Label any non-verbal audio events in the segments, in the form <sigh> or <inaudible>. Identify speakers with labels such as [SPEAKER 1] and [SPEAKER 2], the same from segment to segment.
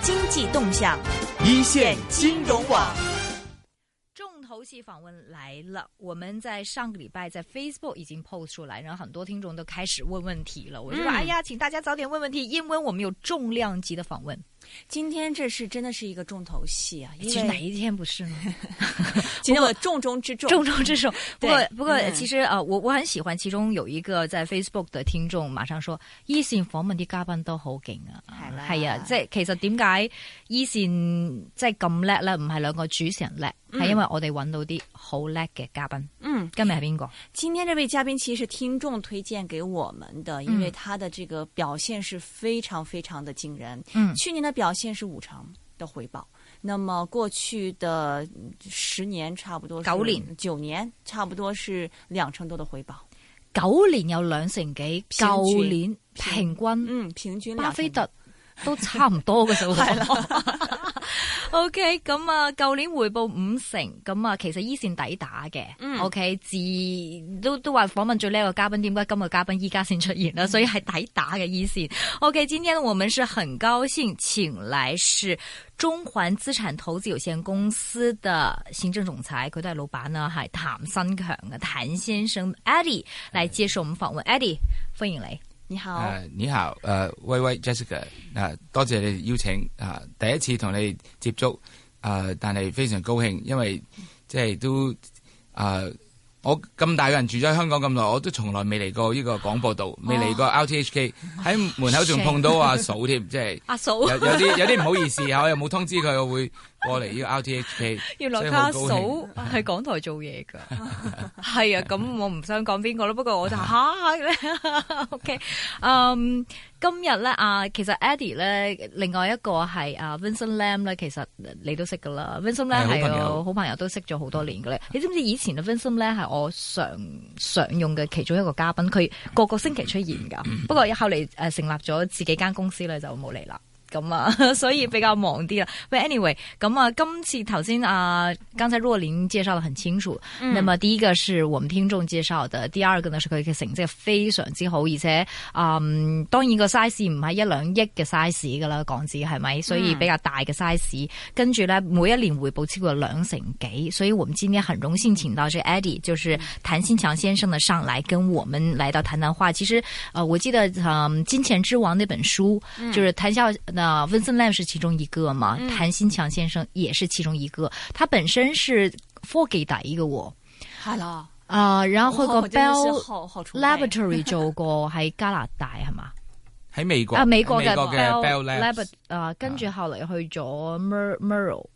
[SPEAKER 1] 經濟動向，一線金融網。
[SPEAKER 2] 期訪問來了，我們在上個禮拜在 Facebook 已經 post 出來，然後很多聽眾都開始問問題了。我就說，嗯、哎呀，請大家早點問問題，因為我們有重量級的訪問。今天這是真的是一個重頭戲啊！因為其實哪一天不是呢？ <laughs> 今天我重中之重，重中之重。 <laughs> <laughs> 不過不過，其實呃、啊，我我很喜歡，其中有一個在 Facebook 的聽眾馬上說，一線訪問的嘉賓都好勁啊，係啊 Hello. <coughs> 即 係 <coughs> 其實點解一線即係咁叻咧？唔係兩個主持叻。係因為我哋揾到啲好叻嘅嘉賓，嗯，今日係邊個？
[SPEAKER 1] 今天呢位嘉賓其實聽眾推薦給我們的，因為他的這個表現是非常非常的驚人。嗯，去年的表現是五成的回報，那麼過去的十年差不多九年，九年差不多是兩成多的回報。
[SPEAKER 2] 九年有兩成幾，九年平均，平均，平均，嗯，平均巴菲特都差唔多嘅數。 <laughs> <laughs> <laughs> O K，咁啊，舊、okay, 年回報五成，咁啊，其實依線抵打嘅。嗯，O、okay, K，自都都話訪問最叻個嘉賓，點解今日嘉賓依家先出現咧？所以係抵打嘅依線。O、okay, K，今天我們是很高興請來是中環資產投資有限公司的行政總裁，佢都係老闆啦，係譚新強嘅譚先生 Eddie 嚟、嗯、接受我們訪問。Eddie，歡迎你。你好，
[SPEAKER 3] 你、呃、好，誒威威 Jessica，誒、呃、多謝你邀請，嚇、呃、第一次同你接觸，誒、呃、但係非常高興，因為即係都誒、呃、我咁大個人住咗香港咁耐，我都從來未嚟過呢個廣播道，未嚟過 RTHK，喺、哦哎、門口仲碰到阿嫂添，啊、即係是
[SPEAKER 2] 阿嫂，有啲有啲
[SPEAKER 3] 唔好意思 <laughs> 我又冇通知佢我會。過嚟呢個 RTHK，原來卡嫂
[SPEAKER 2] 係港台做嘢噶，係啊， <laughs> 咁我唔想講邊個咯，不過我就吓咧，OK，嗯，今日咧啊，其實 Eddie 咧，另外一個係啊 Vincent Lam 咧，其實你都識噶啦，Vincent Lam 係我好朋友，朋友都識咗好多年噶咧，嗯、你知唔知以前 Vincent Lam 係我常常用嘅其中一個嘉賓，佢個個星期出現噶，嗯、不過後嚟誒、呃、成立咗自己間公司咧就冇嚟啦。咁啊，嗯、 <laughs> 所以比較忙啲、anyway，嗯嗯、啊。喂 anyway，咁啊，今次頭先啊，剛才若琳介紹得很清楚。嗯、那麼第一個是我們聽眾介紹的，第二個呢，係佢嘅成績非常之好，而且嗯，當然個 size 唔係一兩億嘅 size 噶啦，港紙係咪？所以比較大嘅 size。跟住呢，每一年回報超過兩成幾。所以，我們今天很榮幸請到呢個 Eddie，就是譚新強先生呢，上來跟我們嚟到談談話。其實，誒、呃，我記得《嗯、呃、金錢之王》那本書，就是譚笑。呃嗯啊，Vincent Lam 是其中一個嘛，譚新強先生也是其中一個。他本身是科技底㗎喎，係咯，啊，然後去個 Bell Laboratory 做過喺加拿大係嘛，
[SPEAKER 3] 喺美國啊美國嘅 Bell Labs，
[SPEAKER 2] 啊，跟住後嚟去咗 Mer Merle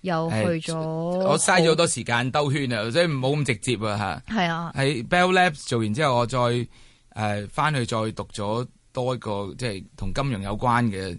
[SPEAKER 2] 又去咗，我嘥咗好
[SPEAKER 3] 多時間兜圈啊，所以唔好咁直接啊吓。係啊，喺 Bell Labs 做完之後，我再誒翻去再讀咗多一個即係同金融有關嘅。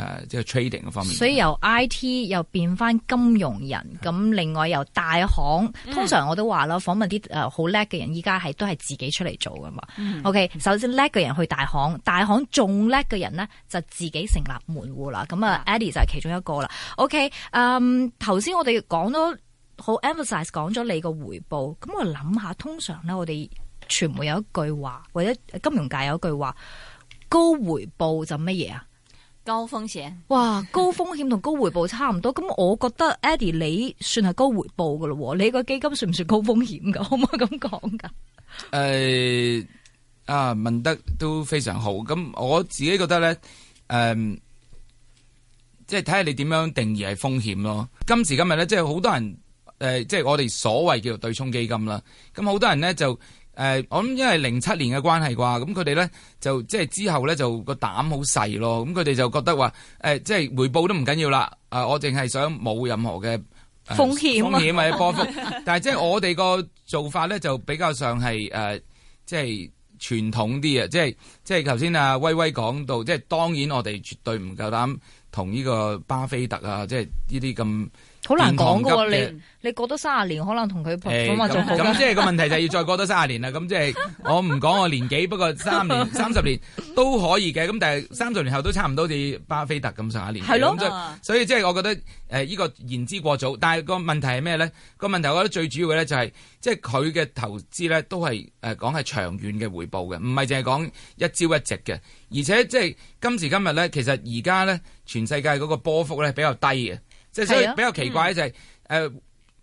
[SPEAKER 3] 誒，即係、啊就是、trading 方面，所以
[SPEAKER 2] 由 IT 又變翻金融人，咁的另外由大行，嗯、通常我都話啦，訪問啲誒好叻嘅人，依家係都係自己出嚟做噶嘛。嗯、OK，首先叻嘅人去大行，大行仲叻嘅人咧就自己成立門戶啦。咁啊，Eddie 就係其中一個啦。OK，嗯、呃，頭先我哋講咗好 emphasize，講咗你個回報，咁我諗下，通常咧我哋傳媒有一句話，或者金融界有一句話，高回報就乜嘢啊？
[SPEAKER 1] 高風險，
[SPEAKER 2] 哇！高風險同高回報差唔多，咁 <laughs> 我覺得 Eddie 你算係高回報噶咯，你個基金算唔算高風險噶？可唔可以咁講噶？誒、
[SPEAKER 3] 呃，啊，問得都非常好，咁我自己覺得咧，誒、呃，即係睇下你點樣定義係風險咯。今時今日咧，即係好多人，誒、呃，即係我哋所謂叫做對沖基金啦，咁好多人咧就。誒、呃，我諗因為零七年嘅關係啩，咁佢哋咧就即係之後咧就個膽好細咯，咁佢哋就覺得話誒、呃，即係回報都唔緊要啦，啊、呃，我淨係想冇任何嘅、呃、風險啊風險或者波幅，但係即係我哋個做法咧就比較上係誒、呃，即係傳統啲啊，即係即係頭先阿威威講到，即係當然我哋絕對唔夠膽同呢個巴菲特啊，即係呢啲咁。好難講噶你
[SPEAKER 2] 你過多三十年，可能同佢咁。咁即係個
[SPEAKER 3] 問題就係要再過多三十年啦。咁即係我唔講我年紀， <laughs> 不過三年、三十年都可以嘅。咁但係三十年後都差唔多似巴菲特咁上下年。係咯的、就是。所以即係我覺得誒、呢、呃，呢個言之過早。但係個問題係咩咧？個問題我覺得最主要嘅咧就係、是，即係佢嘅投資咧都係誒講係長遠嘅回報嘅，唔係淨係講一朝一夕嘅。而且即係今時今日咧，其實而家咧全世界嗰個波幅咧比較低嘅。即係所以比較奇怪咧、就是，就係誒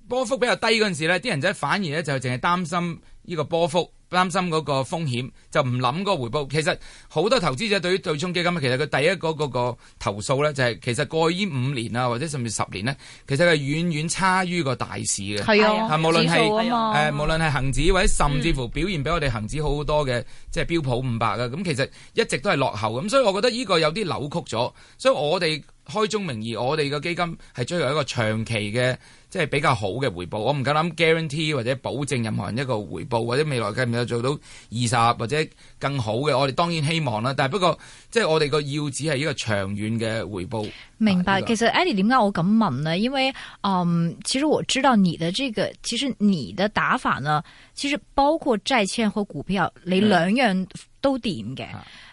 [SPEAKER 3] 波幅比較低嗰陣時咧，啲人仔反而咧就淨係擔心呢個波幅，擔心嗰個風險，就唔諗嗰個回報。其實好多投資者對於對沖基金其實佢第一嗰個，個投訴咧、就是，就係其實過去呢五年啊，或者甚至十年咧，其實係遠遠差於個大市嘅。係啊，係、呃，無論係誒，無論係恒指或者甚至乎表現比我哋恒指好好多嘅，即、就、係、是、標普五百嘅，咁、嗯、其實一直都係落後咁。所以我覺得呢個有啲扭曲咗，所以我哋。開宗名義，我哋個基金係追求一個長期嘅，即係比較好嘅回報。我唔敢諗 guarantee 或者保證任何人一個回報，或者未來計唔有做到二十或者更好嘅，我哋當然希望啦。但係不過，即係我哋個要旨係一個長遠嘅回報。
[SPEAKER 2] 明白。啊、其實 Andy，點解我咁問呢？因為，嗯，其實我知道你的呢、這個，其實你的打法呢，其實包括債券或股票，你兩樣都掂嘅。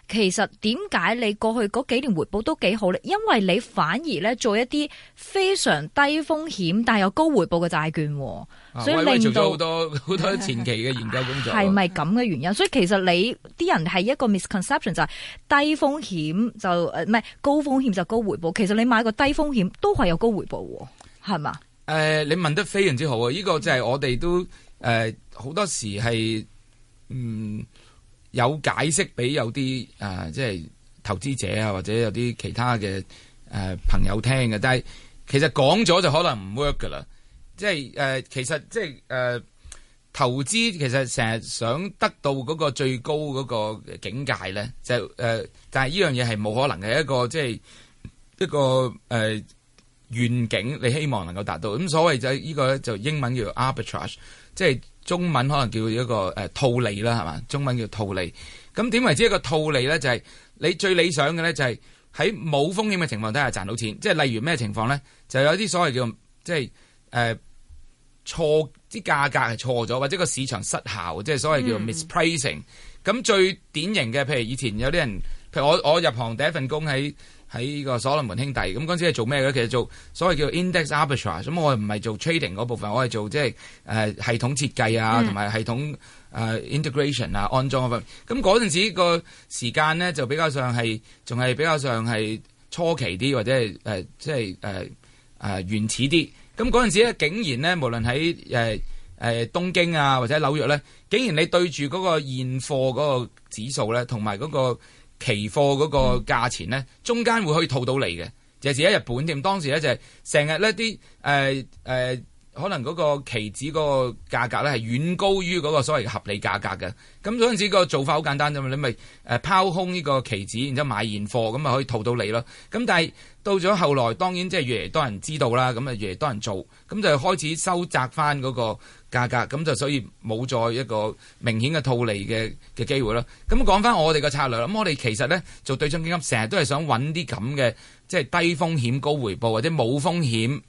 [SPEAKER 2] 其實點解你過去嗰幾年回報都幾好咧？因為你反而咧做一啲非常低風險但係有高回報嘅債券，啊、所以喂令到好
[SPEAKER 3] 多好多前期嘅研究工作係咪
[SPEAKER 2] 咁嘅原因？所以其實你啲人係一個 misconception 就係低風險就誒唔係高風險就高回報。其實你買個低風險都係有高回報，係嘛？
[SPEAKER 3] 誒、呃，你問得非常之好啊！呢、這個即係我哋都誒好、呃、多時係嗯。有解釋俾有啲啊、呃，即係投資者啊，或者有啲其他嘅誒、呃、朋友聽嘅，但係其實講咗就可能唔 work 噶啦，即係誒、呃，其實即係誒投資其實成日想得到嗰個最高嗰個境界咧，就誒、呃，但係呢樣嘢係冇可能嘅一個，即係一個誒、呃、願景，你希望能夠達到。咁所謂就呢個咧，就英文叫做 arbitrage，即係。中文可能叫一個誒、呃、套利啦，係嘛？中文叫套利。咁點為之一個套利咧？就係、是、你最理想嘅咧，就係喺冇風險嘅情況底下賺到錢。即係例如咩情況咧？就有啲所謂叫即係誒、呃、錯啲價格係錯咗，或者個市場失效，即係所謂叫 mispricing。咁、嗯、最典型嘅，譬如以前有啲人，譬如我我入行第一份工喺。喺呢個所羅門兄弟，咁嗰陣時係做咩嘅？其實做所謂叫 ind rage，做 index arbitrage，咁我係唔係做 trading 嗰部分，我係做即係誒系統設計啊，同埋系統誒、呃、integration 啊、安裝嗰部分。咁嗰陣時個時間咧，就比較上係仲係比較上係初期啲，或者係誒即係誒誒原始啲。咁嗰陣時呢，竟然呢，無論喺誒誒東京啊，或者紐約呢，竟然你對住嗰個現貨嗰個指數呢，同埋嗰個。期貨嗰個價錢呢，中間會可以套到嚟嘅，就係自己喺日本添。當時呢就係成日呢啲誒誒。呃可能嗰個期指個價格咧係遠高於嗰個所謂合理價格嘅，咁嗰陣時個做法好簡單啫嘛，你咪誒拋空呢個期指，然之後買現貨，咁咪可以套到你咯。咁但係到咗後來，當然即係越嚟多人知道啦，咁啊越嚟多人做，咁就開始收窄翻嗰個價格，咁就所以冇再一個明顯嘅套利嘅嘅機會咯。咁講翻我哋嘅策略啦，咁我哋其實咧做對沖基金，成日都係想揾啲咁嘅，即係低風險高回報或者冇風險。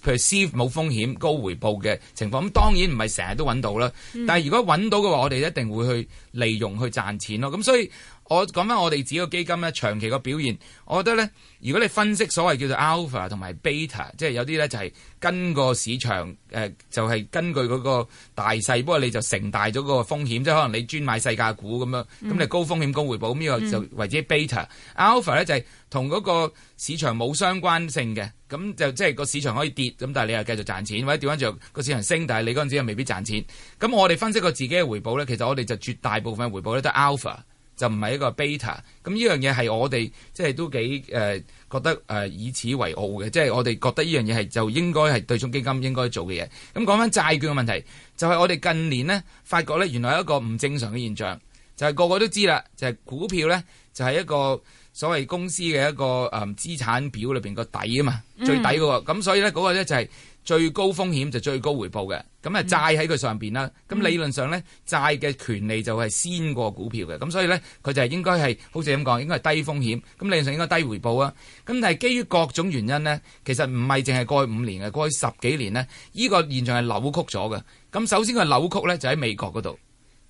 [SPEAKER 3] perceive 冇風險高回報嘅情況，咁當然唔係成日都揾到啦。嗯、但係如果揾到嘅話，我哋一定會去利用去賺錢咯。咁所以。我講翻我哋自己個基金咧，長期個表現，我覺得咧，如果你分析所謂叫做 alpha 同埋 beta，即係有啲咧就係、是、跟個市場，誒、呃、就係、是、根據嗰個大細，不過你就成大咗個風險，即係可能你專買世界股咁樣，咁你、嗯、高風險高回報，呢、這個就為之 beta、嗯。alpha 咧就係同嗰個市場冇相關性嘅，咁就即係、就是、個市場可以跌，咁但係你又繼續賺錢，或者掉返轉個市場升，但係你嗰陣時又未必賺錢。咁我哋分析過自己嘅回報咧，其實我哋就絕大部分回報咧都係 alpha。就唔係一個 beta，咁呢樣嘢係我哋即係都幾誒、呃、覺得誒、呃、以此為傲嘅，即係我哋覺得呢樣嘢係就應該係對沖基金應該做嘅嘢。咁講翻債券嘅問題，就係、是、我哋近年呢發覺咧原來係一個唔正常嘅現象，就係、是、個個都知啦，就係、是、股票咧就係、是、一個所謂公司嘅一個誒、嗯、資產表裏邊個底啊嘛，最底嘅喎、那個。咁所以咧嗰、那個咧就係、是。最高風險就最高回報嘅，咁啊債喺佢上邊啦。咁理論上呢，債嘅權利就係先過股票嘅，咁所以呢，佢就係應該係好似咁講，應該係低風險，咁理論上應該低回報啊。咁但係基於各種原因呢，其實唔係淨係過去五年嘅，過去十幾年呢，呢、呢個現象係扭曲咗嘅。咁首先佢扭曲呢，就喺美國嗰度。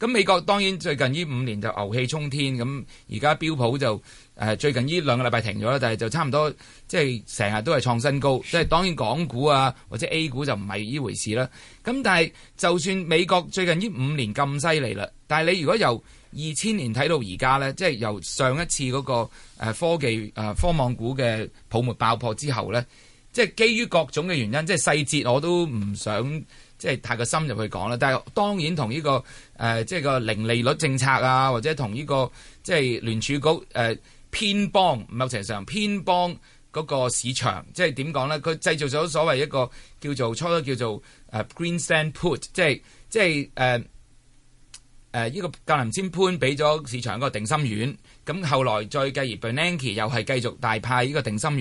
[SPEAKER 3] 咁美國當然最近呢五年就牛氣沖天，咁而家標普就誒最近呢兩個禮拜停咗啦，但係就差唔多即係成日都係創新高，即係當然港股啊或者 A 股就唔係呢回事啦。咁但係就算美國最近呢五年咁犀利啦，但係你如果由二千年睇到而家呢，即係由上一次嗰個科技誒科網股嘅泡沫爆破之後呢，即係基於各種嘅原因，即係細節我都唔想。即係太過深入去講啦，但係當然同呢、這個誒、呃、即係個零利率政策啊，或者同呢、這個即係聯儲局誒、呃、偏幫某程度上偏幫嗰個市場，即係點講咧？佢製造咗所謂一個叫做初初叫做誒、呃、Greenspan put，即係即係誒誒呢個格林斯潘俾咗市場一個定心丸，咁後來再繼而 Bernanke 又係繼續大派呢個定心丸，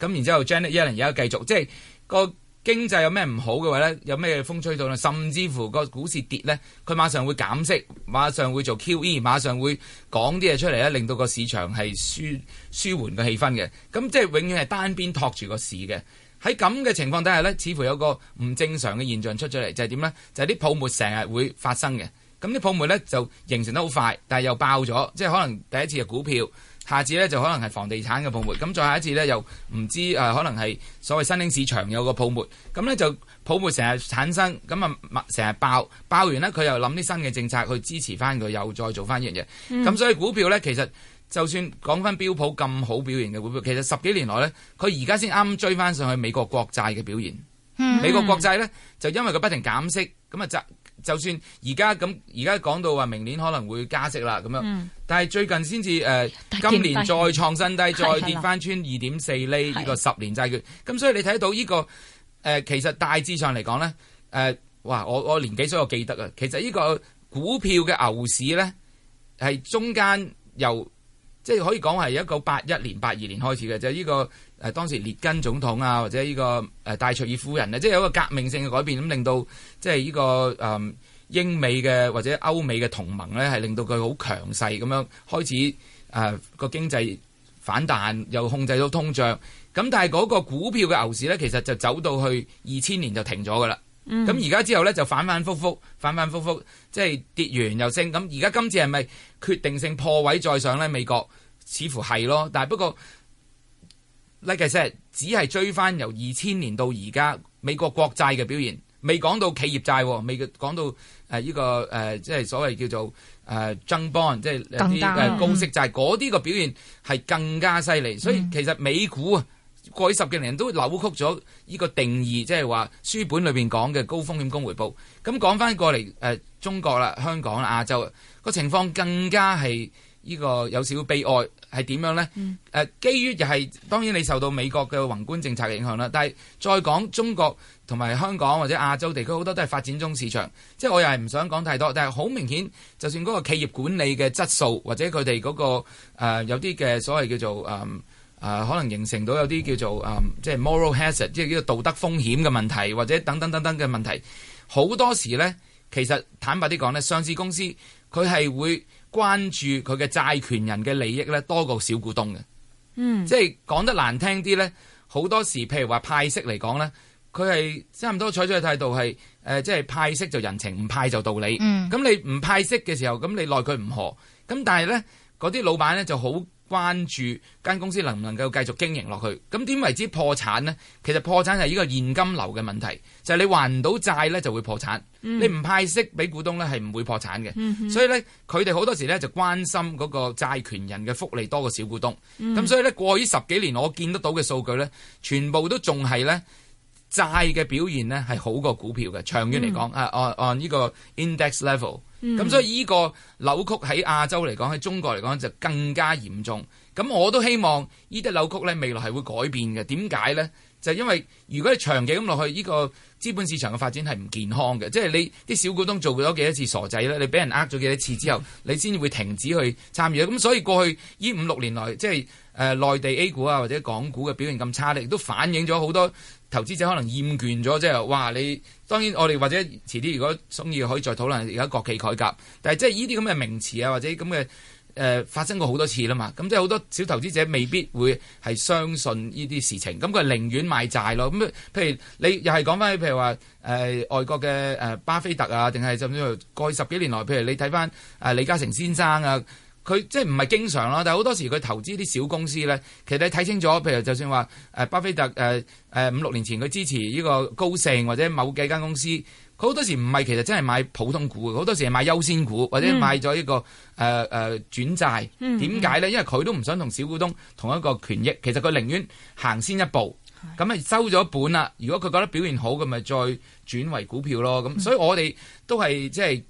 [SPEAKER 3] 咁然之後 Janet Yellen 而家繼續即係個。經濟有咩唔好嘅話呢，有咩風吹到呢，甚至乎個股市跌呢，佢馬上會減息，馬上會做 QE，馬上會講啲嘢出嚟咧，令到個市場係舒舒緩個氣氛嘅。咁即係永遠係單邊托住個市嘅。喺咁嘅情況底下呢，似乎有個唔正常嘅現象出咗嚟，就係點呢？就係啲泡沫成日會發生嘅。咁啲泡沫呢就形成得好快，但係又爆咗，即係可能第一次係股票。下次咧就可能係房地產嘅泡沫，咁再下一次咧又唔知誒，可能係所謂新興市場有個泡沫，咁咧就泡沫成日產生，咁啊成日爆，爆完咧佢又諗啲新嘅政策去支持翻佢，又再做翻一樣嘢，咁、嗯、所以股票咧其實就算講翻標普咁好表現嘅股票，其實十幾年來咧，佢而家先啱追翻上去美國國債嘅表現，
[SPEAKER 2] 嗯、美國國
[SPEAKER 3] 債咧就因為佢不停減息，咁啊就算而家咁，而家講到話明年可能會加息啦，咁樣、嗯。但係最近先至誒，呃、今年再創新低，的再跌翻穿二點四厘呢個十年債券。咁的所以你睇到呢、這個誒、呃，其實大致上嚟講咧，誒、呃，哇！我我年紀所以我記得啊。其實呢個股票嘅牛市咧，係中間由即係、就是、可以講係一九八一年、八二年開始嘅就係、這個。呢個誒當時列根總統啊，或者呢、這個誒、呃、戴卓爾夫人啊，即係有一個革命性嘅改變，咁令到即係呢、這個誒、呃、英美嘅或者歐美嘅同盟咧，係令到佢好強勢咁樣開始誒個、呃、經濟反彈，又控制到通脹。咁但係嗰個股票嘅牛市咧，其實就走到去二千年就停咗噶啦。咁而家之後咧，就反反覆覆，反反覆覆，即係跌完又升。咁而家今次係咪決定性破位再上咧？美國似乎係咯，但係不過。like said, 只係追翻由二千年到而家美國國債嘅表現，未講到企業債，未講到誒、這、呢個誒、呃、即係所謂叫做誒 junk bond 即係啲誒高息，就係嗰啲個表現係更加犀利。所以其實美股啊，過去十幾年都扭曲咗呢個定義，即係話書本裏邊講嘅高風險高回報。咁講翻過嚟誒中國啦、香港啦、亞洲，個情況更加係。呢個有少少悲哀係點樣呢？誒、嗯啊，基於又係當然你受到美國嘅宏觀政策嘅影響啦。但係再講中國同埋香港或者亞洲地區好多都係發展中市場，即係我又係唔想講太多。但係好明顯，就算嗰個企業管理嘅質素或者佢哋嗰個、呃、有啲嘅所謂叫做誒誒、呃，可能形成到有啲叫做誒、呃，即係 moral hazard，即係呢個道德風險嘅問題或者等等等等嘅問題，好多時呢，其實坦白啲講呢上市公司佢係會。關注佢嘅債權人嘅利益咧多過小股東嘅，嗯，即係講得難聽啲咧，好多時譬如話派息嚟講咧，佢係差唔多採取嘅態度係誒、呃，即係派息就人情，唔派就道理。嗯，咁你唔派息嘅時候，咁你奈佢唔何，咁但係咧嗰啲老闆咧就好。關注間公司能唔能夠繼續經營落去？咁點為之破產呢？其實破產係呢個現金流嘅問題，就係、是、你還唔到債呢就會破產。嗯、你唔派息俾股東呢係唔會破產嘅。嗯、哼所以呢，佢哋好多時呢就關心嗰個債權人嘅福利多過小股東。咁、嗯、所以呢，過去十幾年我見得到嘅數據呢，全部都仲係呢債嘅表現呢係好過股票嘅。長遠嚟講，按按呢個 index level。咁、嗯、所以呢個扭曲喺亞洲嚟講，喺中國嚟講就更加嚴重。咁我都希望呢啲扭曲咧，未來係會改變嘅。點解咧？就係、因為如果你長期咁落去，呢、呢個資本市場嘅發展係唔健康嘅。即係你啲小股東做咗幾多次傻仔咧，你俾人呃咗幾多次之後，嗯、你先會停止去參與。咁所以過去呢五六年來，即係誒、呃、內地 A 股啊或者港股嘅表現咁差咧，亦都反映咗好多投資者可能厭倦咗，即係哇你。當然，我哋或者遲啲如果中意可以再討論而家國企改革，但係即係呢啲咁嘅名詞啊，或者咁嘅誒發生過好多次啦嘛，咁即係好多小投資者未必會係相信呢啲事情，咁佢寧願賣債咯。咁譬如你又係講翻譬如話誒、呃、外國嘅誒、呃、巴菲特啊，定係甚至乎過去十幾年來，譬如你睇翻誒李嘉誠先生啊。佢即係唔係經常咯，但係好多時佢投資啲小公司咧，其實你睇清楚，譬如就算話誒巴菲特誒誒、呃呃、五六年前佢支持呢個高盛或者某幾間公司，佢好多時唔係其實真係買普通股，好多時係買優先股或者買咗、嗯呃、呢個誒誒轉債。點解咧？因為佢都唔想同小股東同一個權益，其實佢寧願行先一步，咁咪收咗本啦。如果佢覺得表現好，咁咪再轉為股票咯。咁所以我哋都係即係。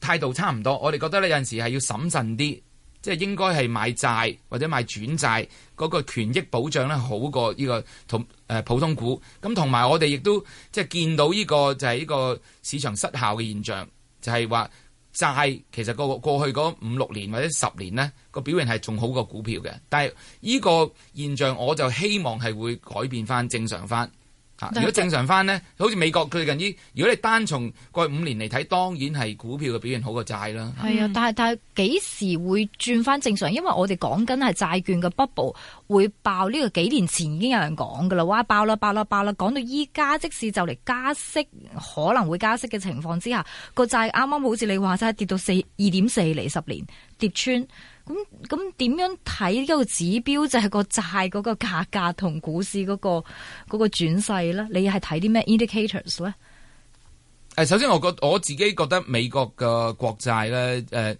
[SPEAKER 3] 態度差唔多，我哋覺得咧有陣時係要審慎啲，即係應該係買債或者買轉債嗰、那個權益保障咧好過呢、這個同誒、呃、普通股。咁同埋我哋亦都即係見到呢、這個就係、是、呢個市場失效嘅現象，就係、是、話債其實個過去嗰五六年或者十年呢個表現係仲好過股票嘅。但係呢個現象我就希望係會改變返正常返。如果正常翻呢，好似美國佢近依，如果你單從過去五年嚟睇，當然係股票嘅表現債好過債啦。係
[SPEAKER 2] 啊、嗯嗯，但係但係幾時會轉翻正常？因為我哋講緊係債券嘅 bubble 會爆，呢個幾年前已經有人講噶啦，哇爆啦爆啦爆啦，講到依家，即使就嚟加息可能會加息嘅情況之下，個債啱啱好似你話齋跌到四二點四厘十年跌穿。咁咁點樣睇呢個指標？就係、係、個債嗰個價格同股市嗰、嗰個嗰、嗰個轉勢咧？你係睇啲咩 indicators 咧？
[SPEAKER 3] 誒，首先我覺我自己覺得美國嘅國債咧，誒、呃、誒、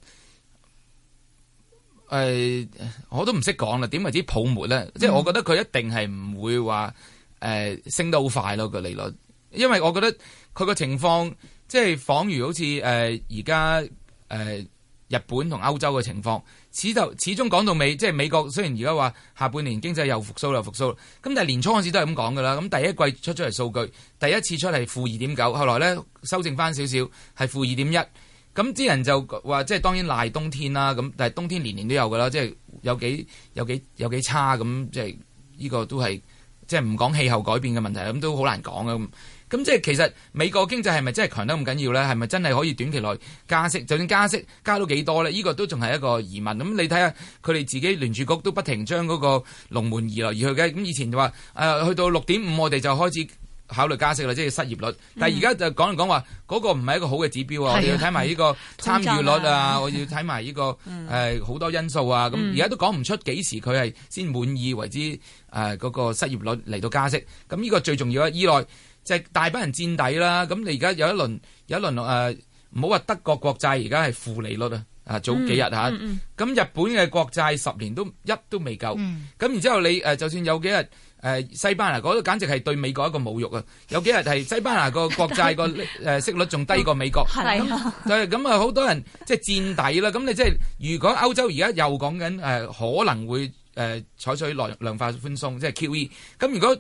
[SPEAKER 3] 呃，我都唔識講啦。點為之泡沫咧？嗯、即係我覺得佢一定係唔會話誒、呃、升得好快咯個利率，因為我覺得佢個情況即係仿如好似誒而家誒。呃日本同歐洲嘅情況，始就始終講到尾，即係美國雖然而家話下半年經濟又復甦，又復甦，咁但係年初開始都係咁講噶啦。咁第一季出咗嚟數據，第一次出嚟負二點九，9，後來咧修正翻少少，係負二點一。咁啲人就話，即係當然賴冬天啦。咁但係冬天年年都有噶啦，即係有幾有幾有幾，有幾差咁，即係呢個都係即係唔講氣候改變嘅問題，咁都好難講嘅。咁即係其實美國經濟係咪真係強得咁緊要咧？係咪真係可以短期內加息？就算加息加到幾多咧？呢、這個都仲係一個疑問。咁你睇下佢哋自己聯儲局都不停將嗰個龍門移來移去嘅。咁以前就話誒去到六點五，我哋就開始考慮加息啦，即係失業率。但係而家就講嚟講話嗰個唔係一個好嘅指標啊。啊我哋要睇埋呢個參與率啊，啊我要睇埋呢個誒好、嗯呃、多因素啊。咁而家都講唔出幾時佢係先滿意為之誒嗰、呃那個失業率嚟到加息。咁呢個最重要啊！依內即係大班人戰底啦，咁你而家有一輪有一輪誒，唔好話德國國債而家係負利率啊！啊，早幾日嚇，咁、啊、日本嘅國債十年都一都未夠，咁、嗯、然之後你誒就算有幾日誒、呃、西班牙嗰度，簡直係對美國一個侮辱啊！有幾日係西班牙個國債個誒息率仲低過美國，咁就係咁啊！好多人即係戰底啦，咁你即係如果歐洲而家又講緊誒可能會誒、呃、採取量量化寬鬆，即、就、係、是、QE，咁如果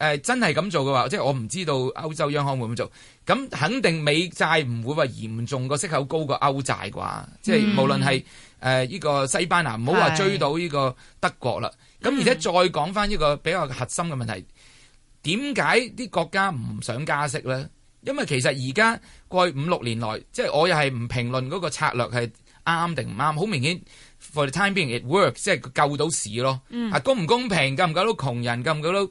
[SPEAKER 3] 誒、呃、真係咁做嘅話，即係我唔知道歐洲央行會唔會做，咁肯定美債唔會話嚴重個息口高過歐債啩，即係、嗯、無論係誒呢個西班牙，唔好話追到呢個德國啦。咁是而且再講翻呢個比較核心嘅問題，點解啲國家唔想加息咧？因為其實而家過去五六年來，即係我又係唔評論嗰個策略係啱定唔啱，好明顯。For the time being it works，即係救到市咯。嗯、啊，公唔公平，救唔救到窮人，救唔救到誒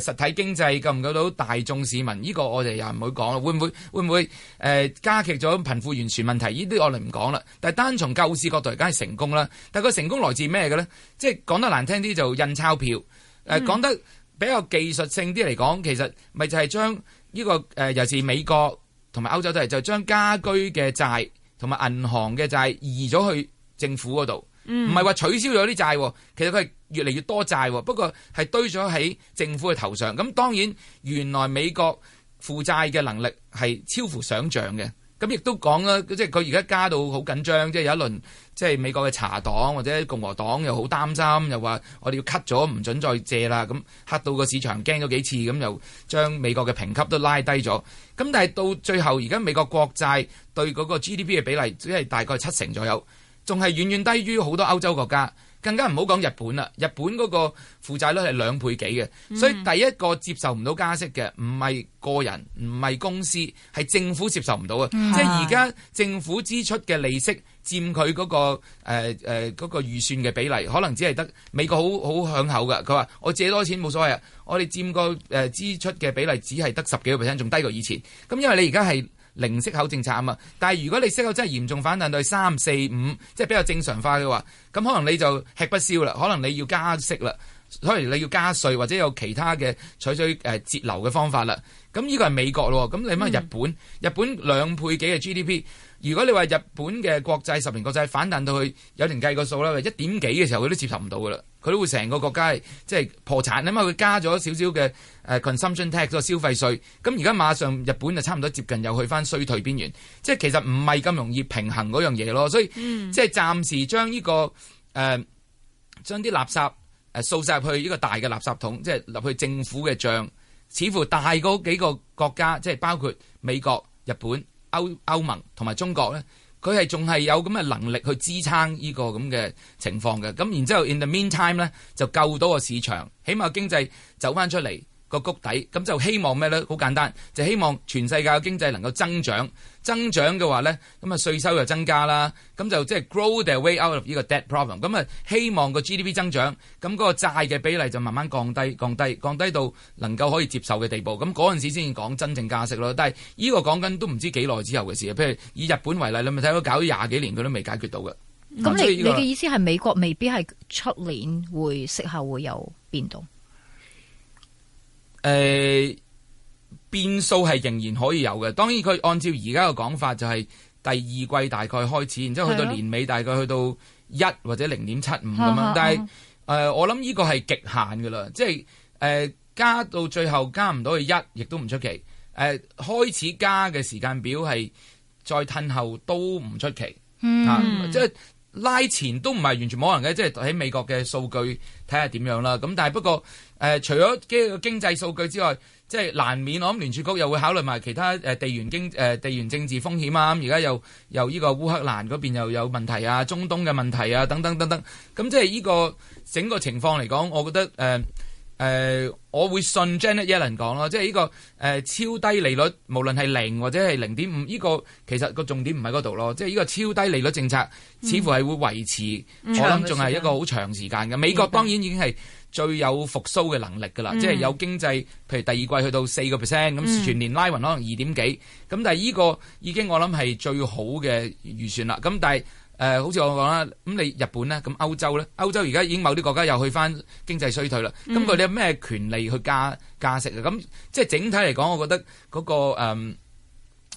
[SPEAKER 3] 實體經濟，救唔救到大眾市民？呢、這個我哋又唔會講啦。會唔會？會唔會誒、呃、加劇咗貧富懸殊問題？呢啲我哋唔講啦。但係單從救市角度嚟講係成功啦。但係個成功來自咩嘅咧？即係講得難聽啲就印鈔票。誒、呃、講、嗯、得比較技術性啲嚟講，其實咪就係將呢、這個誒尤其、呃、是美國同埋歐洲都係就是、將家居嘅債同埋銀行嘅債移咗去政府嗰度。唔係話取消咗啲債，其實佢係越嚟越多債，不過係堆咗喺政府嘅頭上。咁當然原來美國負債嘅能力係超乎想象嘅。咁亦都講啦，即係佢而家加到好緊張，即係有一輪即係美國嘅茶黨或者共和黨又好擔心，又話我哋要 cut 咗，唔准再借啦。咁嚇到個市場驚咗幾次，咁又將美國嘅評級都拉低咗。咁但係到最後，而家美國國債對嗰個 GDP 嘅比例只係大概七成左右。仲係遠遠低於好多歐洲國家，更加唔好講日本啦。日本嗰個負債率係兩倍幾嘅，嗯、所以第一個接受唔到加息嘅唔係個人，唔係公司，係政府接受唔到嘅。嗯、即係而家政府支出嘅利息佔佢嗰、嗰個誒誒嗰個預算嘅比例，可能只係得美國好好響口㗎。佢話我借多錢冇所謂啊，我哋佔個誒、呃、支出嘅比例只係得十幾個 percent，仲低過以前。咁因為你而家係。零息口政策啊嘛，但係如果你息口真係嚴重反彈到三四五，即係比較正常化嘅話，咁可能你就吃不消啦，可能你要加息啦，可能你要加稅，或者有其他嘅採取誒節流嘅方法啦。咁呢個係美國咯，咁你乜日本？嗯、日本兩倍幾嘅 GDP。如果你話日本嘅國際十年國際反彈到去有成計個數啦，一點幾嘅時候佢都接受唔到噶啦，佢都會成個國家即係破產，吖嘛？佢加咗少少嘅誒 consumption tax 個消費稅。咁而家馬上日本就差唔多接近又去翻衰退邊緣，即係其實唔係咁容易平衡嗰樣嘢咯。所以、嗯、即係暫時將呢、這個誒將啲垃圾誒掃晒入去呢個大嘅垃圾桶，即係入去政府嘅帳，似乎大嗰幾個國家，即係包括美國、日本。歐歐盟同埋中國呢，佢係仲係有咁嘅能力去支撐呢個咁嘅情況嘅。咁然之後，in the meantime 呢，就救到個市場，起碼經濟走翻出嚟個谷底。咁就希望咩呢？好簡單，就希望全世界嘅經濟能夠增長。增長嘅話咧，咁啊稅收又增加啦，咁就即係 grow their way out of 呢個 debt problem。咁啊希望個 GDP 增長，咁嗰個債嘅比例就慢慢降低、降低、降低到能夠可以接受嘅地步。咁嗰陣時先至講真正加息咯。但係依個講緊都唔知幾耐之後嘅事。譬如以日本為例，你咪睇到搞咗廿幾年，佢都未解決到嘅。咁你你嘅意
[SPEAKER 2] 思係美國未必係出年會息後會有變動？
[SPEAKER 3] 誒、哎。變數係仍然可以有嘅，當然佢按照而家嘅講法就係第二季大概開始，然之後去到年尾大概去到一或者零點七五咁樣，但係誒我諗呢個係極限嘅啦，即係誒、呃、加到最後加唔到去一，亦都唔出奇。誒、呃、開始加嘅時間表係再褪後都唔出奇，啊、嗯嗯、即係拉前都唔係完全冇可能嘅，即係喺美國嘅數據睇下點樣啦。咁但係不過誒、呃、除咗經濟數據之外，即係難免，我諗聯儲局又會考慮埋其他誒地緣經誒、呃、地緣政治風險啊。咁而家又由呢個烏克蘭嗰邊又有問題啊，中東嘅問題啊，等等等等。咁、嗯、即係呢個整個情況嚟講，我覺得誒。呃誒、呃，我會信 Janet Yellen 講咯，即係呢、這個誒、呃、超低利率，無論係零或者係零點五，呢個其實個重點唔喺嗰度咯。即係呢個超低利率政策，似乎係會維持，嗯、我諗仲係一個好長時間嘅。美國當然已經係最有復甦嘅能力㗎啦，嗯、即係有經濟，譬如第二季去到四個 percent，咁全年拉勻可能二點幾，咁、嗯、但係呢個已經我諗係最好嘅預算啦。咁但係。誒、呃，好似我講啦，咁你日本咧，咁歐洲咧，歐洲而家已經某啲國家又去翻經濟衰退啦。咁佢哋有咩權利去加加息嘅？咁、嗯、即係整體嚟講，我覺得嗰、那個嗰個誒、呃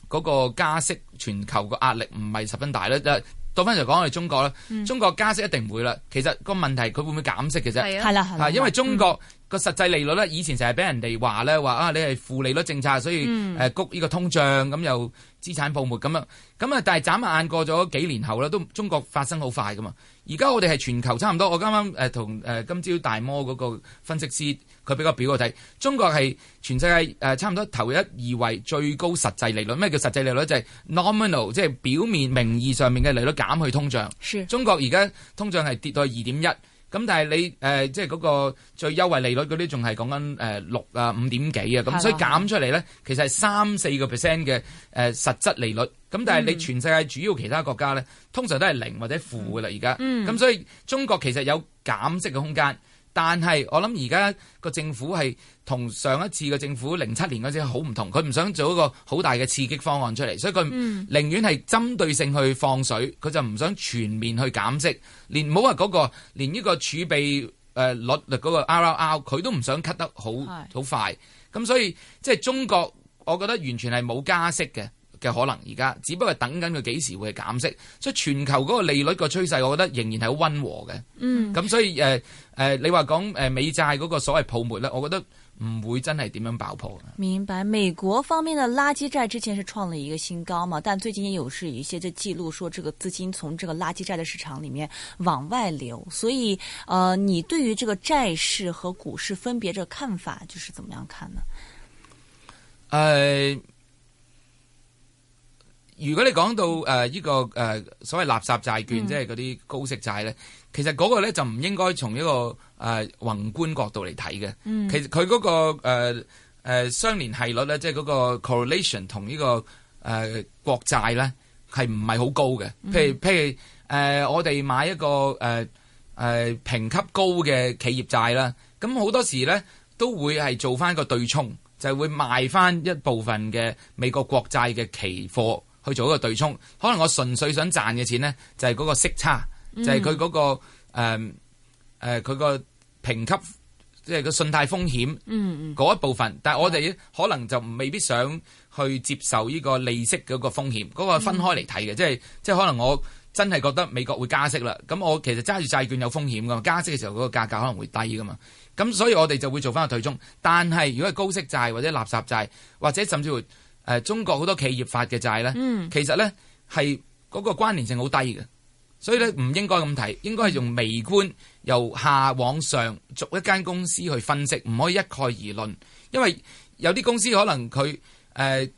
[SPEAKER 3] 嗰個、加息全球個壓力唔係十分大啦。就倒翻嚟講，我哋中國啦，中國加息一定唔會啦。嗯、其實個問題佢會唔會減息嘅啫？係啊，係啦、啊，因為中國個實際利率咧，以前成日俾人哋話咧，話啊，你係負利率政策，所以誒、嗯呃、谷呢個通脹咁、嗯、又。資產泡沫咁啊，咁啊，但係眨眼過咗幾年後咧，都中國發生好快㗎嘛。而家我哋係全球差唔多。我啱啱誒同誒今朝大摩嗰個分析師，佢俾個表我睇，中國係全世界誒、呃、差唔多頭一二位最高實際利率。咩叫實際利率？就係、是、nominal，即係表面名義上面嘅利率減去通脹。是中國而家通脹係跌到二點一。咁但係你誒即係嗰個最優惠利率嗰啲仲係講緊誒六啊五點幾啊。咁所以減出嚟咧，其實係三四個 percent 嘅誒實質利率。咁但係你全世界主要其他國家咧，通常都係零或者負嘅啦而家。嗯，咁所以中國其實有減息嘅空間。但係我諗而家個政府係同上一次嘅政府零七年嗰陣好唔同，佢唔想做一個好大嘅刺激方案出嚟，所以佢寧願係針對性去放水，佢就唔想全面去減息，連冇話嗰個，連呢個儲備誒率嗰個 RRR 佢都唔想 cut 得好好是快，咁所以即係、就是、中國我覺得完全係冇加息嘅。嘅可能而家，只不過等緊佢幾時會減息，所以全球嗰個利率個趨勢，我覺得仍然係好溫和嘅。嗯，咁所以誒誒、呃呃，你話講誒美債嗰個所謂泡沫咧，我覺得唔會真係點樣爆破。
[SPEAKER 1] 明白，美國方面嘅垃圾債之前是創了一個新高嘛，但最近也有是有一些就記錄，說這個資金從這個垃圾債的市場裏面往外流。所以，呃，你對於這個債市和股市分別嘅看法，就是怎麼樣看呢？誒、
[SPEAKER 3] 呃。如果你講到誒呢個誒所謂垃圾債券，嗯、即係嗰啲高息債咧，其實嗰個咧就唔應該從一個誒、呃、宏觀角度嚟睇嘅。嗯、其實佢嗰、嗰個誒相、呃呃、連係率咧，即係嗰個 correlation 同呢、呢個誒、呃、國債咧，係唔係好高嘅？譬如譬如誒、呃，我哋買一個誒誒、呃、評級高嘅企業債啦，咁好多時咧都會係做翻個對沖，就係、會賣翻一部分嘅美國國債嘅期貨。去做一個對沖，可能我純粹想賺嘅錢呢，就係、是、嗰個息差，嗯、就係佢嗰個誒誒佢個評級，即、就、係、是、個信貸風險嗰、嗯嗯、一部分。但係我哋可能就未必想去接受呢個利息嗰個風險，嗰、那個分開嚟睇嘅，即係即係可能我真係覺得美國會加息啦。咁我其實揸住債券有風險噶嘛，加息嘅時候嗰個價格可能會低噶嘛。咁所以我哋就會做翻個對沖。但係如果係高息債或者垃圾債，或者甚至會。誒、呃、中國好多企業發嘅債咧，嗯、其實咧係嗰個關聯性好低嘅，所以咧唔應該咁睇，應該係用微觀由下往上逐一間公司去分析，唔可以一概而論。因為有啲公司可能佢誒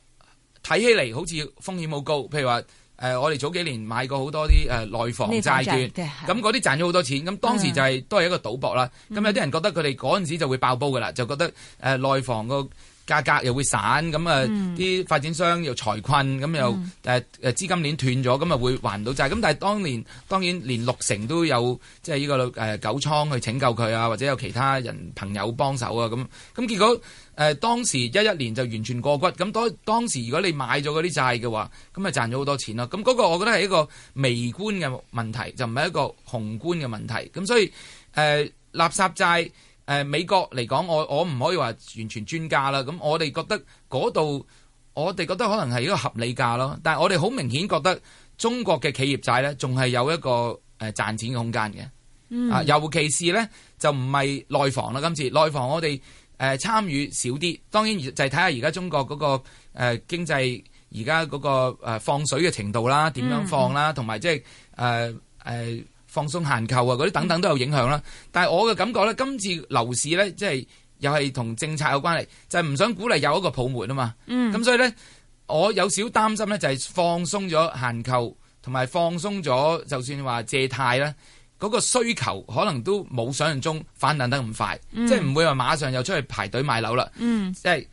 [SPEAKER 3] 睇起嚟好似風險好高，譬如話誒、呃、我哋早幾年買過好多啲誒內房債券，咁嗰啲賺咗好多錢，咁當時就係、是呃、都係一個賭博啦。咁、嗯、有啲人覺得佢哋嗰陣時就會爆煲噶啦，就覺得誒內房個。呃呃呃呃呃呃價格又會散，咁啊啲發展商又財困，咁、嗯、又誒誒資金鏈斷咗，咁啊會還唔到債。咁但係當年當然連六成都有，即係呢、這個誒九、呃、倉去拯救佢啊，或者有其他人朋友幫手啊，咁咁結果誒、呃、當時一一年就完全過骨。咁當當時如果你買咗嗰啲債嘅話，咁啊賺咗好多錢咯。咁嗰個我覺得係一個微觀嘅問題，就唔係一個宏觀嘅問題。咁所以誒、呃、垃圾債。誒、呃、美國嚟講，我我唔可以話完全專家啦。咁我哋覺得嗰度，我哋覺得可能係一個合理價咯。但係我哋好明顯覺得中國嘅企業債咧，仲係有一個誒、呃、賺錢嘅空間嘅。嗯、啊，尤其是咧就唔係內房啦。今次內房我哋誒、呃、參與少啲，當然就係睇下而家中國嗰、嗰個誒、呃、經濟而家嗰個、呃、放水嘅程度啦，點樣放啦，同埋即係誒誒。放鬆限購啊，嗰啲等等都有影響啦。但係我嘅感覺呢，今次樓市呢，即係又係同政策有關係，就係、是、唔想鼓勵有一個泡沫啊嘛。嗯。咁所以呢，我有少擔心呢，就係放鬆咗限購，同埋放鬆咗，就算話借貸咧，嗰個需求可能都冇想象中反彈得咁快，嗯、即係唔會話馬上又出去排隊買樓啦。嗯。即係。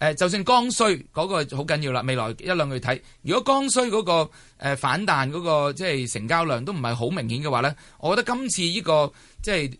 [SPEAKER 3] 誒，就算剛需嗰個好緊要啦，未來一兩個月睇，如果剛需嗰個誒反彈嗰個即係成交量都唔係好明顯嘅話咧，我覺得今次呢個即係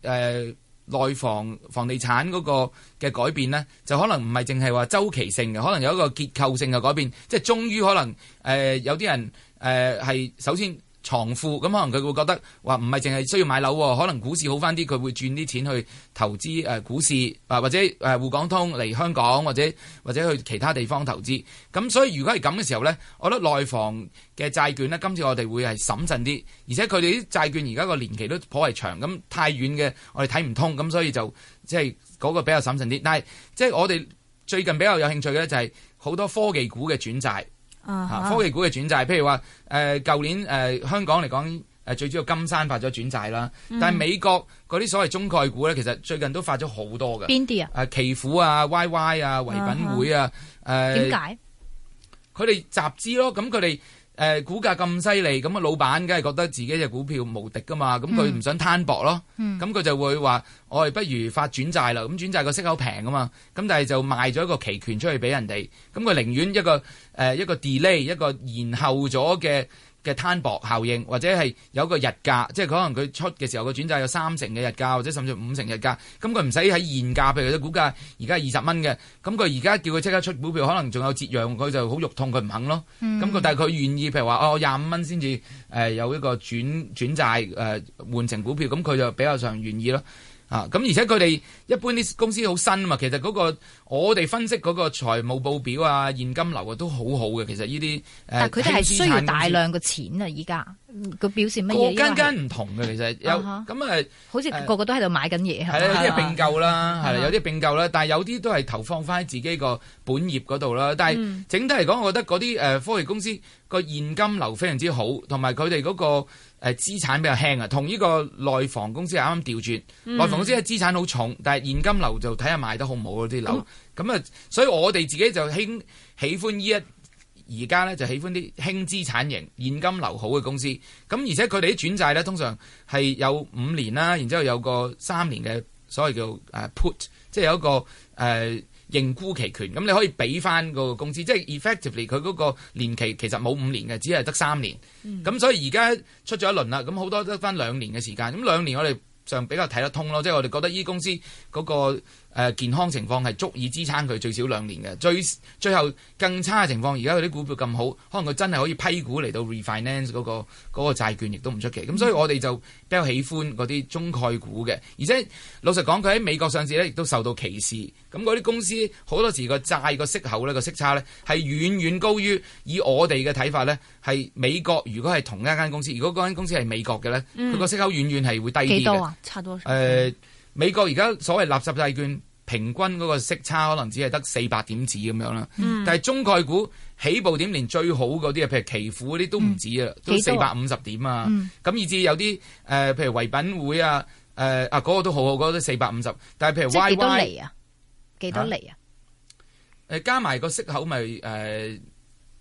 [SPEAKER 3] 誒內房房地產嗰個嘅改變咧，就可能唔係淨係話週期性嘅，可能有一個結構性嘅改變，即係終於可能誒有啲人誒係首先。藏富咁，可能佢會覺得話唔係淨係需要買樓，可能股市好返啲，佢會轉啲錢去投資誒、呃、股市啊，或者誒滬、呃、港通嚟香港，或者或者去其他地方投資。咁所以如果係咁嘅時候呢，我覺得內房嘅債券呢，今次我哋會係審慎啲，而且佢哋啲債券而家個年期都頗為長，咁太遠嘅我哋睇唔通，咁所以就即係嗰個比較審慎啲。但係即係我哋最近比較有興趣嘅呢，就係好多科技股嘅轉債。啊！Uh huh. 科技股嘅轉債，譬如話誒，舊、呃、年誒、呃、香港嚟講誒，最主要金山發咗轉債啦。嗯、但係美國嗰啲所謂中概股咧，其實最近都發咗好多㗎。邊啲些、呃、啊？誒，奇虎啊，YY 啊，唯品會啊，誒、uh，點、huh. 解、呃？佢哋集資咯，咁佢哋。誒，股價咁犀利，咁啊老闆梗係覺得自己隻股票無敵噶嘛，咁佢唔想攤薄咯，咁佢、嗯、就會話：「我哋不如發轉債啦，咁轉債個息口平啊嘛，咁但係就賣咗一個期權出去俾人哋，咁佢寧願一個，誒一個 delay 一個延後咗嘅。嘅攤薄效應，或者係有個日價，即係可能佢出嘅時候個轉債有三成嘅日價，或者甚至五成日價，咁佢唔使喺現價，譬如佢隻股價而家二十蚊嘅，咁佢而家叫佢即刻出股票，可能仲有折讓，佢就好肉痛，佢唔肯咯。咁佢、嗯、但係佢願意，譬如話哦廿五蚊先至誒有呢個轉轉債誒換成股票，咁佢就比較上願意咯。啊！咁而且佢哋一般啲公司好新啊嘛，其實嗰個我哋分析嗰個財務報表啊、現金流啊都好好嘅。其實呢啲誒，但佢哋係需要大量
[SPEAKER 2] 嘅錢啊！依家。佢表示乜嘢？間間
[SPEAKER 3] 唔同嘅，其實有
[SPEAKER 2] 咁啊，好似個個都喺度買緊嘢係啊，係有啲併
[SPEAKER 3] 購啦，係啦，吧有啲併購啦，但係有啲都係投放翻喺自己個本業嗰度啦。但係整體嚟講，我覺得嗰啲誒科技公司個現金流非常之好，同埋佢哋嗰個誒資產比較輕啊。同呢個內房公司啱啱調轉，嗯、內房公司係資產好重，但係現金流就睇下賣得好唔好嗰啲樓。咁啊、嗯，所以我哋自己就興喜歡呢一。而家咧就喜歡啲輕資產型現金流好嘅公司，咁而且佢哋啲轉債咧通常係有五年啦，然之後有個三年嘅所謂叫誒、uh, put，即係有一個誒、uh, 認沽期權。咁你可以俾翻個公司，即係 effectively 佢嗰個年期其實冇五年嘅，只係得三年。咁、嗯、所以而家出咗一輪啦，咁好多得翻兩年嘅時間。咁兩年我哋上比較睇得通咯，即、就、係、是、我哋覺得呢啲公司嗰、那個。誒、啊、健康情況係足以支撐佢最少兩年嘅。最最後更差嘅情況，而家佢啲股票咁好，可能佢真係可以批股嚟到 refinance 嗰個嗰個債券，亦都唔出奇。咁所以我哋就比較喜歡嗰啲中概股嘅。而且老實講，佢喺美國上市咧，亦都受到歧視。咁嗰啲公司好多時個債個息口呢個息差咧係遠遠高於以我哋嘅睇法咧，係美國如果係同一間公司，如果嗰間公司係美國嘅咧，佢個、嗯、息口遠遠係會低啲嘅。幾多啊？差多少？呃美國而家所謂垃圾債券平均嗰個息差可能只係得四百點子咁樣啦，嗯、但係中概股起步點連最好嗰啲，譬如奇虎嗰啲都唔止啊，嗯、都四百五十點啊，咁、嗯、以至有啲誒、呃、譬如唯品會啊，誒啊嗰個都好好，嗰、嗰個都四百五十，但係譬如 YY，幾多厘啊？
[SPEAKER 2] 幾多厘啊？誒、
[SPEAKER 3] 啊呃、加埋個息口咪誒、呃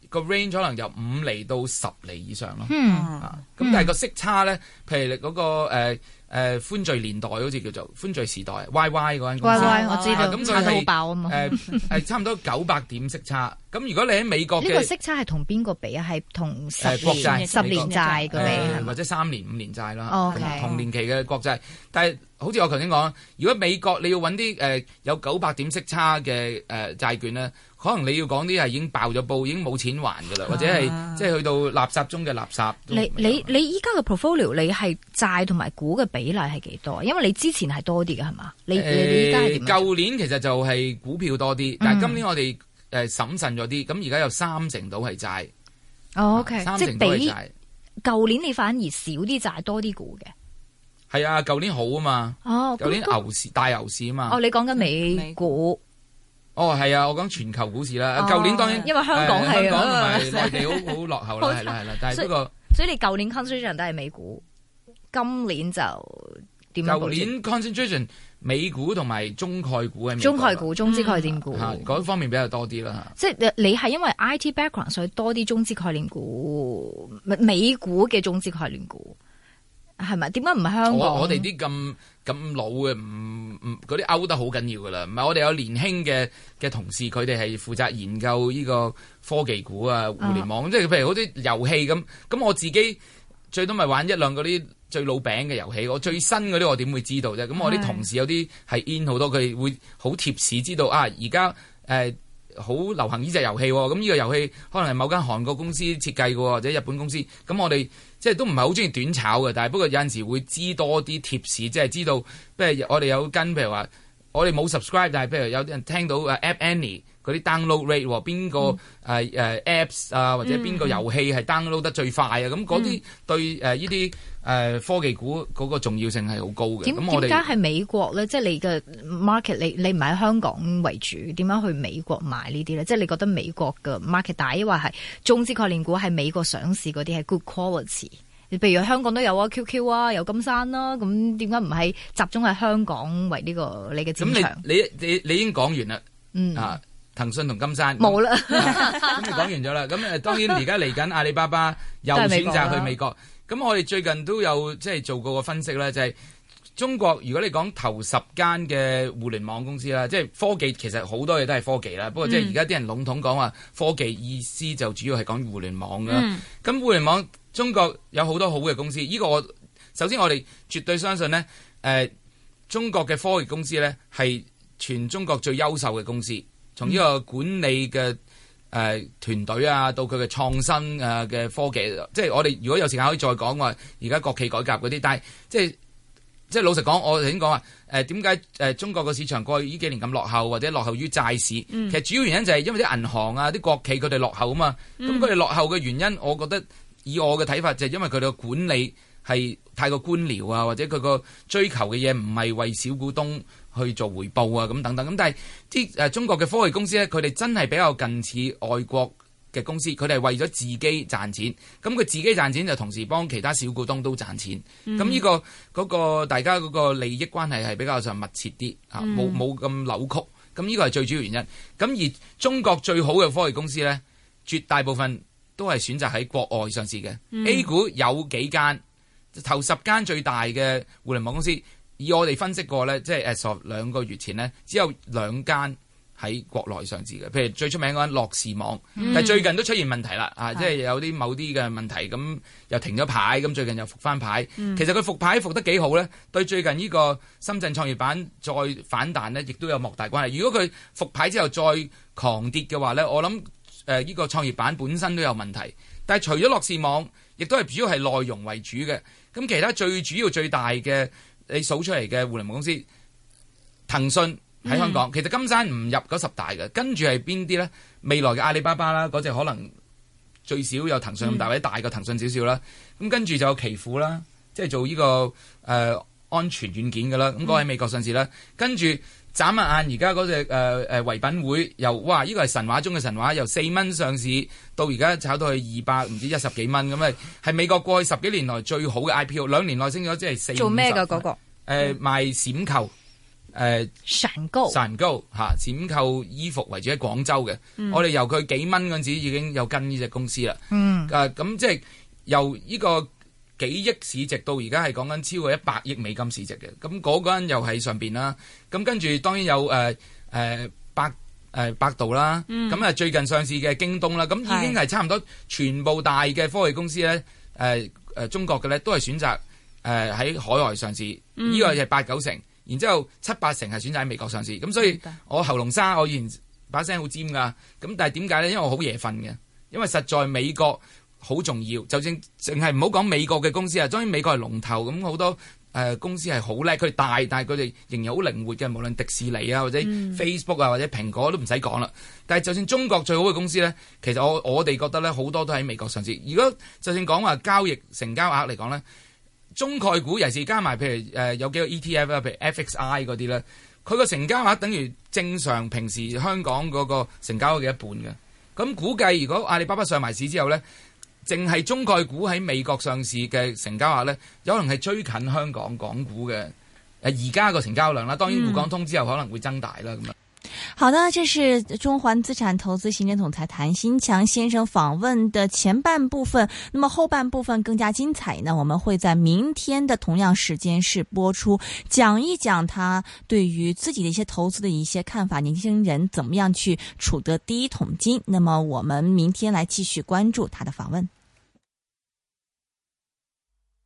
[SPEAKER 3] 個 range 可能由五厘到十厘以上咯，嗯嗯嗯、啊咁但係個息差咧，譬如嗰、嗰個誒。呃誒歡、呃、聚年代好似叫做歡聚時代，YY 嗰間公 YY 我知啦，啊就係、差好爆啊嘛、呃！誒誒，差唔多九百點息差。咁 <laughs> 如果你喺美國，呢個息
[SPEAKER 2] 差係同邊個比啊？係同誒國債十年，年債嘅、呃，
[SPEAKER 3] 或者三年五年債啦，Okay. 同年期嘅國債。但係好似我頭先講，如果美國你要揾啲誒有九百點息差嘅誒債券咧。呃可能你要講啲係已經爆咗煲，已經冇錢還噶啦，或者係、啊、即係去到垃圾中嘅垃圾。你
[SPEAKER 2] 你你依家嘅 portfolio，你係債同埋股嘅比例係幾多？因為你之前係多啲嘅係嘛？你你依家係點？
[SPEAKER 3] 舊年其實就係股票多啲，但係今年我哋誒審慎咗啲，咁而家有三成度係債。
[SPEAKER 2] 哦、o、okay、K、啊、即係比舊年你反而少啲債，多啲股嘅。
[SPEAKER 3] 係啊，舊年好啊嘛。哦，舊年牛市那大牛市啊嘛。哦，你
[SPEAKER 2] 講緊美股。哦，係
[SPEAKER 3] 啊，我講全球股市啦。舊年當然、哦、因為香港係啊，啊，香港唔係內地、啊、好好落後啦，係啦係啦。但係不過所
[SPEAKER 2] 以，所以你舊年 concentration 都係美股，今年就點？舊年
[SPEAKER 3] concentration 美股同埋中概股，係咪中概
[SPEAKER 2] 股、中資概念股
[SPEAKER 3] 嗰、嗯啊、方面比較多啲啦。即
[SPEAKER 2] 係、啊、你係因為 IT background 所以多啲中資概念股、美股嘅中資概念股。係咪？點解唔係香港？我哋啲
[SPEAKER 3] 咁咁老嘅唔唔嗰啲勾得好緊要噶啦，唔係我哋有年輕嘅嘅同事，佢哋係負責研究呢個科技股啊，互聯網，即係、嗯、譬如好似遊戲咁。咁我自己最多咪玩一兩嗰啲最老餅嘅遊戲，我最新嗰啲我點會知道啫？咁我啲同事有啲係 in 好多，佢會好貼士知道啊！而家誒。呃好流行呢隻遊戲喎，咁呢個遊戲可能係某間韓國公司設計嘅喎，或者日本公司。咁我哋即係都唔係好中意短炒嘅，但係不過有陣時會知多啲貼士，即係知道，譬如我哋有跟，譬如話我哋冇 subscribe，但係譬如有啲人聽到誒 App Annie。嗰啲 download rate 邊個誒誒 apps 啊或者邊個遊戲係 download 得最快啊？咁嗰啲對誒呢啲誒科技股嗰個重要性係好高嘅。點點解
[SPEAKER 2] 係美國咧？即係你嘅 market，你你唔喺香港為主，點樣去美國買呢啲咧？即係你覺得美國嘅 market 大，抑或係中資概念股係美國上市嗰啲係 good quality？你譬如香港都有啊，QQ 啊，有金山啦、啊，咁點解唔係集中喺香港為呢、這個你嘅？咁
[SPEAKER 3] 你你你你已經講完啦，嗯啊。騰訊同金山冇啦，咁就講完咗啦。咁誒，當然而家嚟緊阿里巴巴 <laughs> 又選擇去美國。咁我哋最近都有即係、就是、做過個分析啦，就係、是、中國。如果你講頭十間嘅互聯網公司啦，即、就、係、是、科技，其實好多嘢都係科技啦。不過即係而家啲人籠統講話、嗯、科技意思就主要係講互聯網啦。咁、嗯、互聯網中國有好多好嘅公司。呢、這個我首先我哋絕對相信呢，誒、呃，中國嘅科技公司呢，係全中國最優秀嘅公司。從呢個管理嘅誒、呃、團隊啊，到佢嘅創新誒嘅、呃、科技，即係我哋如果有時間可以再講話，而家國企改革嗰啲，但係即係即係老實講，我頭先講啊，誒點解誒中國個市場過去呢幾年咁落後，或者落後於債市？嗯、其實主要原因就係因為啲銀行啊、啲國企佢哋落後啊嘛。咁佢哋落後嘅原因，我覺得以我嘅睇法就係因為佢哋嘅管理係太過官僚啊，或者佢個追求嘅嘢唔係為小股東。去做回報啊，咁等等咁，但係啲誒中國嘅科技公司咧，佢哋真係比較近似外國嘅公司，佢哋係為咗自己賺錢，咁佢自己賺錢就同時幫其他小股東都賺錢，咁呢、嗯呢個嗰、嗰個、大家嗰個利益關係係比較上密切啲嚇，冇冇咁扭曲，咁呢個係最主要原因。咁而中國最好嘅科技公司咧，絕大部分都係選擇喺國外上市嘅、嗯、A 股有幾間，頭十間最大嘅互聯網公司。以我哋分析過呢，即係誒，索兩個月前呢，只有兩間喺國內上市嘅，譬如最出名嗰間樂視網，嗯、但係最近都出現問題啦，嗯、啊，即係有啲某啲嘅問題，咁又停咗牌，咁最近又復翻牌。嗯、其實佢復牌復得幾好呢，對最近呢個深圳創業板再反彈呢，亦都有莫大關係。如果佢復牌之後再狂跌嘅話呢，我諗誒呢個創業板本身都有問題。但係除咗樂視網，亦都係主要係內容為主嘅，咁其他最主要最大嘅。你數出嚟嘅互聯網公司，騰訊喺香港，嗯、其實金山唔入嗰十大嘅，跟住係邊啲咧？未來嘅阿里巴巴啦，嗰、那、只、個、可能最少有騰訊咁大或者大過騰訊少少啦。咁跟住就有奇虎啦，即係做呢、這個誒、呃、安全軟件嘅啦。咁嗰喺美國上市啦，跟住、嗯。眨下眼，而家嗰隻誒誒唯品會由哇，呢、呢個係神話中嘅神話，由四蚊上市到而家炒到去二百唔知一十幾蚊咁啊！係美國過去十幾年來最好嘅 IPO，兩年內升咗即係四做咩嘅嗰個？誒、呃嗯、賣閃購誒，神高神高嚇，閃購，閃購衣服為主喺廣州嘅，嗯、我哋由佢幾蚊嗰陣時已經有跟呢隻公司啦、嗯啊。嗯，誒咁即係由呢、呢個。幾億市值到而家係講緊超過一百億美金市值嘅，咁嗰間又喺上邊啦。咁跟住當然有誒誒、呃、百誒、呃、百度啦，咁啊、嗯、最近上市嘅京東啦，咁已經係差唔多全部大嘅科技公司咧，誒誒是、呃、中國嘅咧都係選擇誒喺、呃、海外上市，呢、嗯、個係八九成，然之後七八成係選擇喺美國上市。咁所以我喉嚨沙，我以前把聲好尖噶。咁但係點解咧？因為我好夜瞓嘅，因為實在美國。好重要，就算淨係唔好講美國嘅公司啊，當然美國係龍頭，咁好多誒、呃、公司係好叻，佢大，但係佢哋仍然好靈活嘅，無論迪士尼啊，或者 Facebook 啊，或者蘋果都唔使講啦。但係就算中國最好嘅公司咧，其實我我哋覺得咧，好多都喺美國上市。如果就算講話交易成交額嚟講咧，中概股尤其是加埋，譬如誒、呃、有幾個 ETF 啦，譬如 FXI 嗰啲啦，佢個成交額等於正常平時香港嗰個成交嘅一半嘅。咁估計如果阿里巴巴上埋市之後咧，淨係中概股喺美國上市嘅成交額呢，有可能係追近香港港股嘅誒，而家個成交量啦，當然滬港通之後可能會增大啦。咁啊、嗯，
[SPEAKER 1] 樣好的，這是中環資產投資行政總裁譚新強先生訪問的前半部分。那麼後半部分更加精彩呢？我們會在明天的同樣時間是播出，講一講他對於自己的一些投資的一些看法，年輕人怎麼樣去儲得第一桶金。那麼我們明天來繼續關注他的訪問。